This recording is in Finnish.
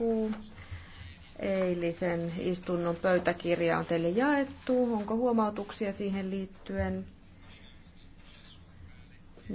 jatkuu. Eilisen istunnon pöytäkirja on teille jaettu. Onko huomautuksia siihen liittyen?